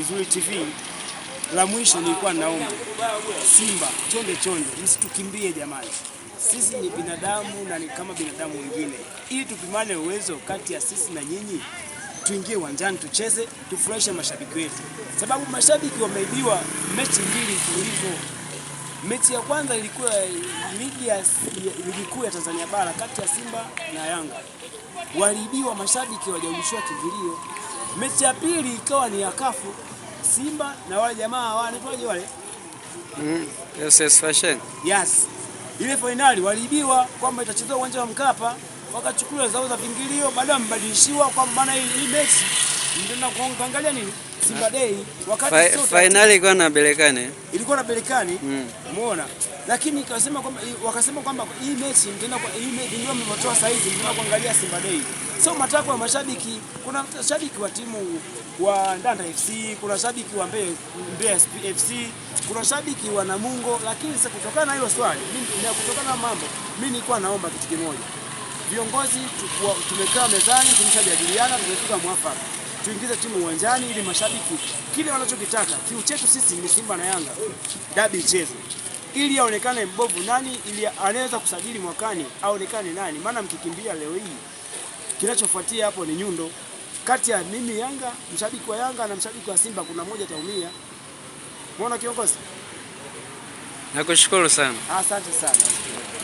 Kizuri TV. La mwisho nilikuwa naomba Simba, chonde chonde, msitukimbie jamani. Sisi ni binadamu na ni kama binadamu wengine, ili tupimane uwezo kati ya sisi na nyinyi, tuingie uwanjani tucheze, tufurahishe mashabiki wetu, sababu mashabiki wameibiwa mechi mbili mfululizo. Mechi ya kwanza ilikuwa ligi ya ligi kuu ya Tanzania bara kati ya Simba na Yanga, waliibiwa mashabiki, wajarushiwa kivilio. Mechi ya pili ikawa ni ya kafu Simba na wale jamaa wanaitwaje wale? Mm, yes, yes, fashion. Yes. Ile fainali waliibiwa kwamba itachezwa uwanja wa Mkapa, wakachukua zao za vingilio, baada mbadilishiwa kwa maana hii hii mechi ndio kuangalia nini? Simba ah. Day wakati sote fainali ilikuwa na Belekane. Ilikuwa na Belekane. Mm. Umeona? Lakini ikasema kwamba wakasema kwamba hii mechi ndio hii ndio mmetoa saizi mnaangalia Simba Day sio matakwa ya mashabiki. Kuna shabiki wa timu wa Ndanda FC, kuna shabiki wa Mbeya Mbeya FC, kuna shabiki wa Namungo. Lakini sasa kutokana na hilo swali mimi, kutokana na mambo mimi, nilikuwa naomba kitu kimoja, viongozi tumekaa mezani, tumeshajadiliana, tumefika mwafaka tuingize timu uwanjani ili mashabiki kile wanachokitaka. Kiu chetu sisi ni Simba na Yanga, dabi ichezwe ili aonekane mbovu nani, ili anaweza kusajili mwakani aonekane nani, maana mkikimbia leo hii Kinachofuatia hapo ni nyundo kati ya mimi Yanga, mshabiki wa Yanga na mshabiki wa Simba, kuna mmoja ataumia. Umeona kiongozi? Nakushukuru sana, asante sana.